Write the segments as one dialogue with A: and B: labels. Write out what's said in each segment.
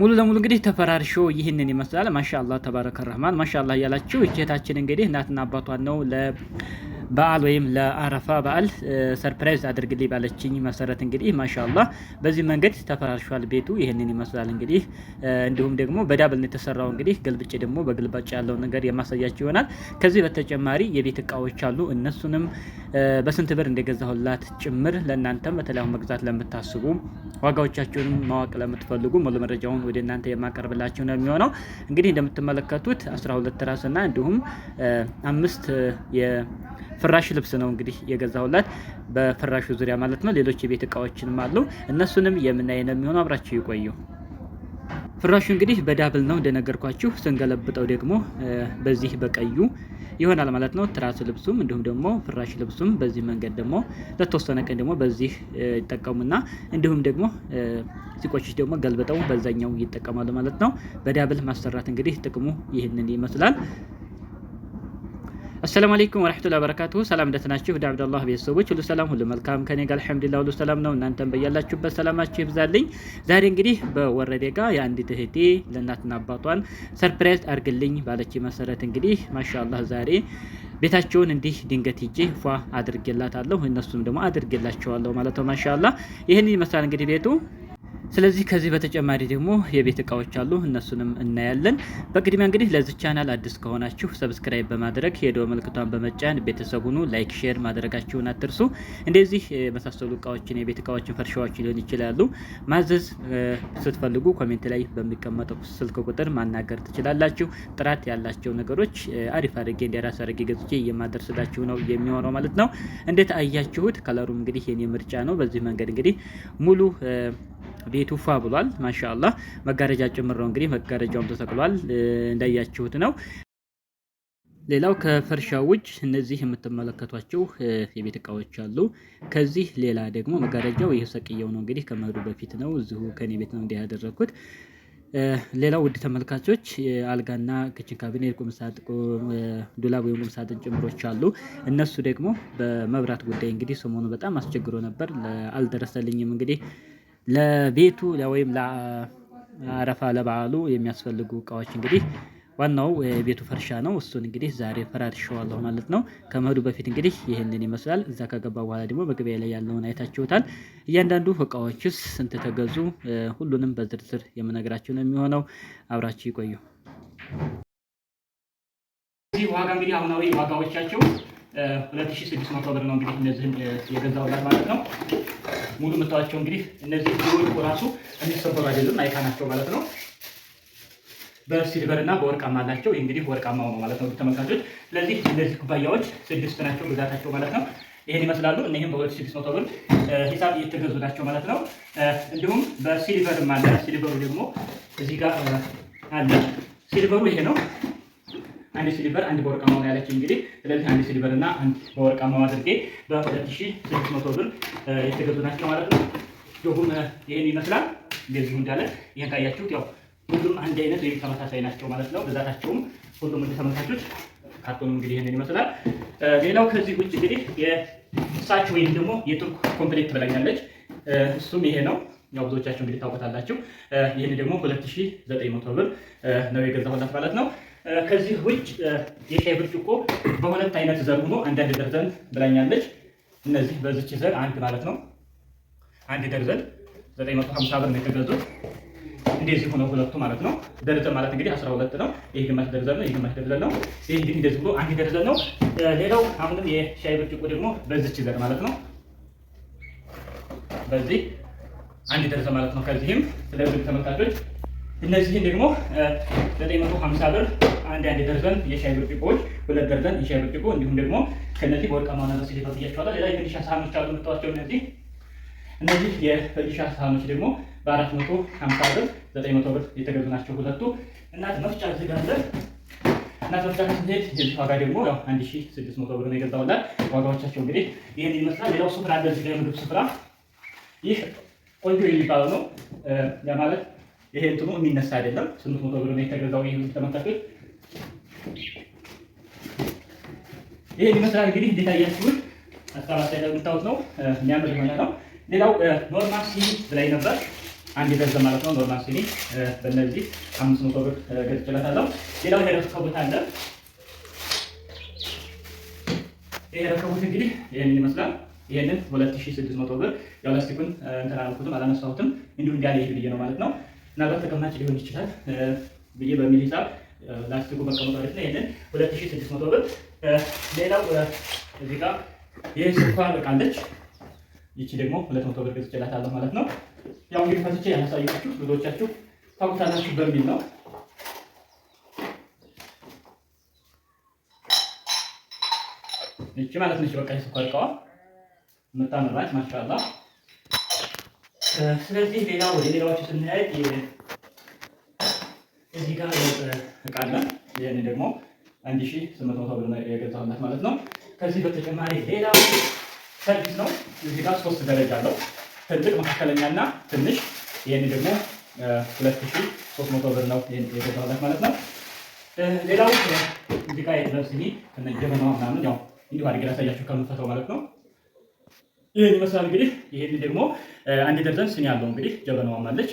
A: ሙሉ ለሙሉ እንግዲህ ተፈራርሾ ይህንን ይመስላል። ማሻአላህ ተባረከ ረህማን ማሻአላህ እያላችሁ እጀታችን እንግዲህ እናትና አባቷን ነው ለ በዓል ወይም ለአረፋ በዓል ሰርፕራይዝ አድርግልኝ ባለችኝ መሰረት እንግዲህ ማሻላ በዚህ መንገድ ተፈራርሿል ቤቱ ይህንን ይመስላል። እንግዲህ እንዲሁም ደግሞ በዳብል ነው የተሰራው። እንግዲህ ገልብጬ ደግሞ በግልባጭ ያለው ነገር የማሳያቸው ይሆናል። ከዚህ በተጨማሪ የቤት እቃዎች አሉ። እነሱንም በስንት ብር እንደገዛሁላት ጭምር ለእናንተም በተለያዩ መግዛት ለምታስቡ ዋጋዎቻቸውን ማወቅ ለምትፈልጉ ሙሉ መረጃውን ወደ እናንተ የማቀርብላችሁ ነው የሚሆነው። እንግዲህ እንደምትመለከቱት 12 ራስና እንዲሁም አምስት ፍራሽ ልብስ ነው እንግዲህ የገዛሁላት በፍራሹ ዙሪያ ማለት ነው። ሌሎች የቤት እቃዎችንም አሉ። እነሱንም የምናይ ነው የሚሆኑ። አብራችሁ ይቆዩ። ፍራሹ እንግዲህ በዳብል ነው እንደነገርኳችሁ። ስንገለብጠው ደግሞ በዚህ በቀዩ ይሆናል ማለት ነው። ትራስ ልብሱም እንዲሁም ደግሞ ፍራሽ ልብሱም በዚህ መንገድ ደግሞ ለተወሰነ ቀን ደግሞ በዚህ ይጠቀሙና እንዲሁም ደግሞ ሲቆሽሽ ደግሞ ገልብጠው በዛኛው ይጠቀማሉ ማለት ነው። በዳብል ማሰራት እንግዲህ ጥቅሙ ይህንን ይመስላል። አሰላሙ አለይኩም ወራህመቱላሂ ወበረካቱሁ። ሰላም እንደተናችሁ ዳ አብዱላህ ቤተሰቦች ሁሉ ሰላም ሁሉ መልካም ከኔ ጋር አልሐምዱሊላህ ሁሉ ሰላም ነው። እናንተም በያላችሁበት ሰላማችሁ ይብዛልኝ። ዛሬ እንግዲህ በወረዴ ጋር የአንዲት እህቴ ለእናትና አባቷን ሰርፕራይዝ አድርግልኝ ባለች መሰረት እንግዲህ ማሻአላህ ዛሬ ቤታቸውን እንዲህ ድንገት ሂጄ ፏ አድርጌላታለሁ እነሱም ደግሞ አድርጌላቸዋለሁ ማለት ነው። ማሻአላህ ይህን ይመስላል እንግዲህ ቤቱ ስለዚህ ከዚህ በተጨማሪ ደግሞ የቤት እቃዎች አሉ፣ እነሱንም እናያለን። በቅድሚያ እንግዲህ ለዚህ ቻናል አዲስ ከሆናችሁ ሰብስክራይብ በማድረግ የደወል ምልክቷን በመጫን ቤተሰብ ሁኑ። ላይክ፣ ሼር ማድረጋችሁን አትርሱ። እንደዚህ የመሳሰሉ እቃዎችን የቤት እቃዎችን ፈርሻዎች ሊሆን ይችላሉ ማዘዝ ስትፈልጉ ኮሜንት ላይ በሚቀመጠው ስልክ ቁጥር ማናገር ትችላላችሁ። ጥራት ያላቸው ነገሮች አሪፍ አድርጌ እንደራስ አድርጌ ገዝቼ የማደርስላችሁ ነው የሚሆነው ማለት ነው። እንዴት አያችሁት? ከለሩም እንግዲህ የኔ ምርጫ ነው። በዚህ መንገድ እንግዲህ ሙሉ ቤቱ ፏ ብሏል። ማሻአላህ መጋረጃ ጭምር ነው እንግዲህ መጋረጃውም ተሰቅሏል እንዳያችሁት ነው። ሌላው ከፈርሻ ውጭ እነዚህ የምትመለከቷቸው የቤት እቃዎች አሉ። ከዚህ ሌላ ደግሞ መጋረጃው ይህ ሰቅየው ነው እንግዲህ ከመሄዱ በፊት ነው እዚሁ ከኔ ቤት ነው እንዲህ ያደረግኩት። ሌላው ውድ ተመልካቾች አልጋና ክችን ካቢኔት፣ ዱላብ ወይም ቁምሳጥን ጭምሮች አሉ። እነሱ ደግሞ በመብራት ጉዳይ እንግዲህ ሰሞኑ በጣም አስቸግሮ ነበር፣ አልደረሰልኝም እንግዲህ ለቤቱ ወይም ለአረፋ ለበዓሉ የሚያስፈልጉ እቃዎች እንግዲህ ዋናው የቤቱ ፈርሻ ነው። እሱን እንግዲህ ዛሬ ፈራርሸዋለሁ ማለት ነው። ከመሄዱ በፊት እንግዲህ ይህንን ይመስላል። እዛ ከገባ በኋላ ደግሞ መግቢያ ላይ ያለውን አይታችሁታል። እያንዳንዱ እቃዎችስ ስንት ተገዙ? ሁሉንም በዝርዝር የምነግራችሁ ነው የሚሆነው። አብራችሁ ይቆዩ። ዋጋ እንግዲህ አሁናዊ ዋጋዎቻቸው ሁለት ሺህ ስድስት መቶ ብር ነው እንግዲህ እነዚህን የገዛሁላት ማለት ነው። ሙሉ የምታዋቸው እንግዲህ እነዚህ ሲወድቁ ራሱ የሚሰበሩ አይደሉም አይካ ናቸው ማለት ነው። በሲልቨር እና በወርቃማ አላቸው። ይህ እንግዲህ ወርቃማው ነው ማለት ነው ተመልካቾች። ስለዚህ እነዚህ ኩባያዎች ስድስት ናቸው ብዛታቸው ማለት ነው። ይህን ይመስላሉ። እነዚህም በሁለት ሺህ ስድስት መቶ ብር ሂሳብ እየተገዙ ናቸው ማለት ነው። እንዲሁም በሲልቨርም አለ። ሲልቨሩ ደግሞ እዚህ ጋር አለ። ሲልቨሩ ይሄ ነው። አንድ ሲልቨር አንድ በወርቃማ ነው ያለችኝ። እንግዲህ ስለዚህ አንድ ሲልቨር እና አንድ በወርቃማ አድርጌ በ2600 ብር የተገዙ ናቸው ማለት ነው። ጆጉም ይህን ይመስላል እንደዚሁ እንዳለ ይህን ካያችሁት ያው ሁሉም አንድ አይነት ወይም ተመሳሳይ ናቸው ማለት ነው። ብዛታቸውም ሁሉም እንደ ተመልካቾች ካርቶኑ እንግዲህ ይህንን ይመስላል። ሌላው ከዚህ ውጭ እንግዲህ የሳች ወይም ደግሞ የቱርክ ኮምፕሌት ትበላኛለች። እሱም ይሄ ነው። ያው ብዙዎቻችሁ እንግዲህ ታውቁታላችሁ። ይህን ደግሞ 2900 ብር ነው የገዛሁላት ማለት ነው። ከዚህ ውጭ የሻይ ብርጭቆ በሁለት አይነት ዘር ሆኖ አንዳንድ ደርዘን ብላኛለች። እነዚህ በዚች ዘር አንድ ማለት ነው። አንድ ደርዘን 950 ብር ነው የተገዙት። እንደዚህ ሆኖ ሁለቱ ማለት ነው። ደርዘን ማለት እንግዲህ 12 ነው። ይሄ ግማሽ ደርዘን ነው። ይሄ ግማሽ ደርዘን ነው። ይሄ ግን እንደዚህ ብሎ አንድ ደርዘን ነው። ሌላው አሁንም የሻይ ብርጭቆ ደግሞ በዚች ዘር ማለት ነው። በዚህ አንድ ደርዘን ማለት ነው። ከዚህም ስለዚህ ተመልካቾች እነዚህን ደግሞ 950 ብር አንድ አንድ ደርዘን የሻይ ብርጭቆዎች ሁለት ደርዘን የሻይ ብርጭቆ እንዲሁም ደግሞ ከነዚህ በወርቃማ ነበር ሲደፋ ብያቸዋለሁ። ሌላ የፈዲሻ ሳህኖች አሉ ምጠዋቸው እነዚህ እነዚህ የፈዲሻ ሳህኖች ደግሞ በአራት መቶ ሀምሳ ብር 900 ብር የተገዙ ናቸው ሁለቱ። እናት መፍጫ እዚህ ጋር አለ። እናት መፍጫ ስትሄድ የዚህ ዋጋ ደግሞ ያው መቶ ብር ነው የገዛውላት። ዋጋዎቻቸው እንግዲህ ይህን ይመስላል። ሌላው ስፍራ አለ እዚህ ጋር የምግብ ስፍራ ይህ ቆንጆ የሚባለው ነው ማለት ይሄ እንትኑ የሚነሳ አይደለም። ስምንት መቶ ብር ነው የተገዛው። ይሄ ይመስላል እንግዲህ እንዴት አያችሁት? ላይ ነው የሚያምር የሆነ ነው። ሌላው ኖርማል ሲኒ ብላይ ነበር አንድ ገዘ ማለት ነው። ኖርማል ሲኒ በእነዚህ አምስት መቶ ብር ገዝቼላታለሁ። ሌላው ይሄ ከቦታ አለ። ይሄ ረከቡት እንግዲህ ይህንን ይመስላል። ይህንን ሁለት ሺ ስድስት መቶ ብር ያው ላስቲኩን እንትን አላልኩትም አላነሳሁትም እንዲሁ እንዲያለ ይሄ ብዬ ነው ማለት ነው። ምናልባት ተቀማጭ ሊሆን ይችላል ብዬ በሚል ሂሳብ ላስቲኩ መቀመጡ አሪፍ ነው። ይህንን ሁለት ሺህ ስድስት መቶ ብር። ሌላው እዚህ ጋር ይህ ስኳር እቃለች። ይቺ ደግሞ ሁለት መቶ ብር ገዝቼላታለሁ ማለት ነው። ያው እንግዲህ ፈትቼ ያላሳየኋችሁ ብዙዎቻችሁ ታውቁታላችሁ በሚል ነው። ይቺ ማለት ነች በቃ የስኳር እቃዋ የምታምር ናት። ማሻአላህ ስለዚህ ሌላ ወደ ሌላዎቹ ስናይ እዚህ ጋር እቃ አለ። ይህን ደግሞ አንድ ሺህ ስምንት መቶ ብር የገዛሁላት ማለት ነው። ከዚህ በተጨማሪ ሌላ ሰርቪስ ነው። እዚህ ጋር ሶስት ደረጃ አለው፣ ትልቅ መካከለኛ እና ትንሽ። ይህን ደግሞ ሁለት ሺህ ሶስት መቶ ብር ነው የገዛሁላት ማለት ነው። ሌላው እዚህ ጋር የጥበብ ስኒ ከነ ምናምን ያው እንዲሁ አድርጌ ላሳያችሁ ማለት ነው ይህን ይመስላል እንግዲህ። ይሄን ደግሞ አንድ ደርዘን ስኒ ያለው እንግዲህ ጀበናዋም አለች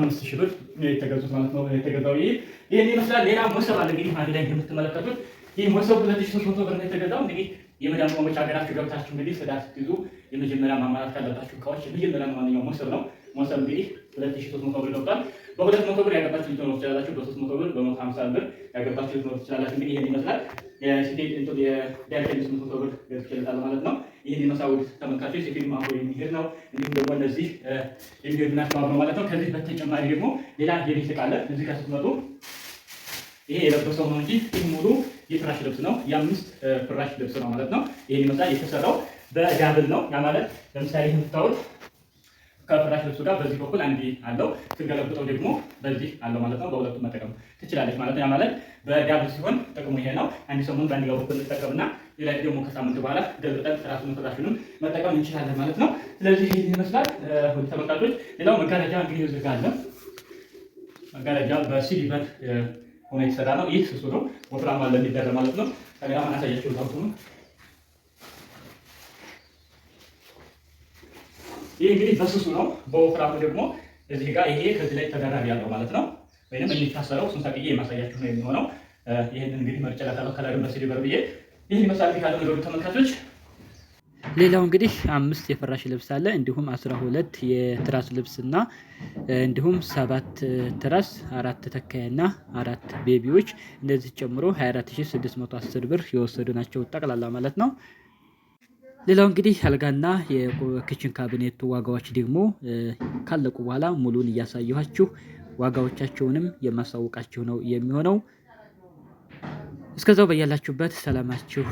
A: አምስት ሺህ ብር የተገዙት ማለት ነው የተገዛው። ይሄ ይሄን ይመስላል። ሌላ ሞሰብ አለ እንግዲህ አንድ ላይ የምትመለከቱት ይህ ሞሰብ ሁለት ሺህ ሶስት መቶ ብር ነው የተገዛው። እንግዲህ የመዳም ቆመች ሀገራችሁ ገብታችሁ እንግዲህ ስዳ ስትይዙ የመጀመሪያ ማማራት ካለባችሁ እቃዎች የመጀመሪያ ማንኛው ሞሰብ ነው። ሞሰብ እንግዲህ ሁለት ሺህ ሦስት መቶ ብር ገብቷል። በሁለት መቶ ብር ያገባችሁ ልትኖሩ ትችላላችሁ። በሶስት መቶ ብር፣ በመቶ ሀምሳ ብር ያገባችሁ ልትኖሩ ትችላላችሁ። እንግዲህ ይህን ይመስላል የሲቴድ እንቶ የዳይሬክት መቶ ብር ገዝቼለታለሁ ማለት ነው። ይህን የመሳውድ ውድ ተመልካቾች፣ ሲቴድ ማህበር የሚሄድ ነው። እንዲሁም ደግሞ እነዚህ የሚሄዱ ናቸው ነው ማለት ነው። ከዚህ በተጨማሪ ደግሞ ሌላ የቤት እቃ አለ። እዚህ ጋር ስትመጡ ይሄ የለበሰው ነው እንጂ ይህ ሙሉ የፍራሽ ልብስ ነው። የአምስት ፍራሽ ልብስ ነው ማለት ነው። ይህን ይመስላል የተሰራው በዳብል ነው። ያ ማለት ለምሳሌ የምታዩት ከፍራሽ ልብሱ ጋር በዚህ በኩል አንድ አለው፣ ስንገለብጠው ደግሞ በዚህ አለው ማለት ነው። በሁለቱም መጠቀም ትችላለች ማለት ነው። ያ ማለት በጋብ ሲሆን ጥቅሙ ይሄ ነው። አንድ ሰሞን በአንድ ጋር በኩል እንጠቀምና ሌላ ደግሞ ከሳምንት በኋላ ገልብጠን ራሱን ፍራሹንም መጠቀም እንችላለን ማለት ነው። ስለዚህ ይህ ይመስላል ሁሉ ተመልካቾች። ሌላው መጋረጃ እንግዲህ እዚህ ጋር አለ። መጋረጃ በሲሊቨር ሆነ የተሰራ ነው። ይህ ስሱ ነው፣ ወፍራም አለ የሚደረ ማለት ነው። ከሌላ ማናሳያቸው ታውቱ ነው ይህ እንግዲህ በስሱ ነው። በወፍራሙ ደግሞ እዚህ ጋር ይሄ ከዚህ ላይ ተደራቢ ያለው ማለት ነው። ወይም የሚታሰረው እሱን ሰቅዬ የማሳያችሁ ነው የሚሆነው። ይህን እንግዲህ መርጨላታለሁ ከላድን ብዬ ይህን ይመስላል። ተመልካቾች ሌላው እንግዲህ አምስት የፍራሽ ልብስ አለ እንዲሁም አስራ ሁለት የትራስ ልብስ እና እንዲሁም ሰባት ትራስ አራት ተተካያና አራት ቤቢዎች እንደዚህ ጨምሮ 24610 ብር የወሰዱ ናቸው ጠቅላላ ማለት ነው። ሌላው እንግዲህ አልጋና የክችን ካቢኔቱ ዋጋዎች ደግሞ ካለቁ በኋላ ሙሉን እያሳየኋችሁ ዋጋዎቻቸውንም የማሳወቃችሁ ነው የሚሆነው። እስከዛው በያላችሁበት ሰላማችሁ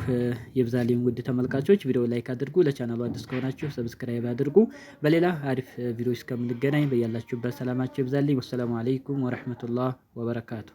A: የብዛሌን ውድ ተመልካቾች፣ ቪዲዮ ላይክ አድርጉ። ለቻናሉ አዲስ ከሆናችሁ ሰብስክራይብ አድርጉ። በሌላ አሪፍ ቪዲዮ እስከምንገናኝ በያላችሁበት ሰላማችሁ ይብዛልኝ። ወሰላሙ አለይኩም ወረህመቱላህ ወበረካቱ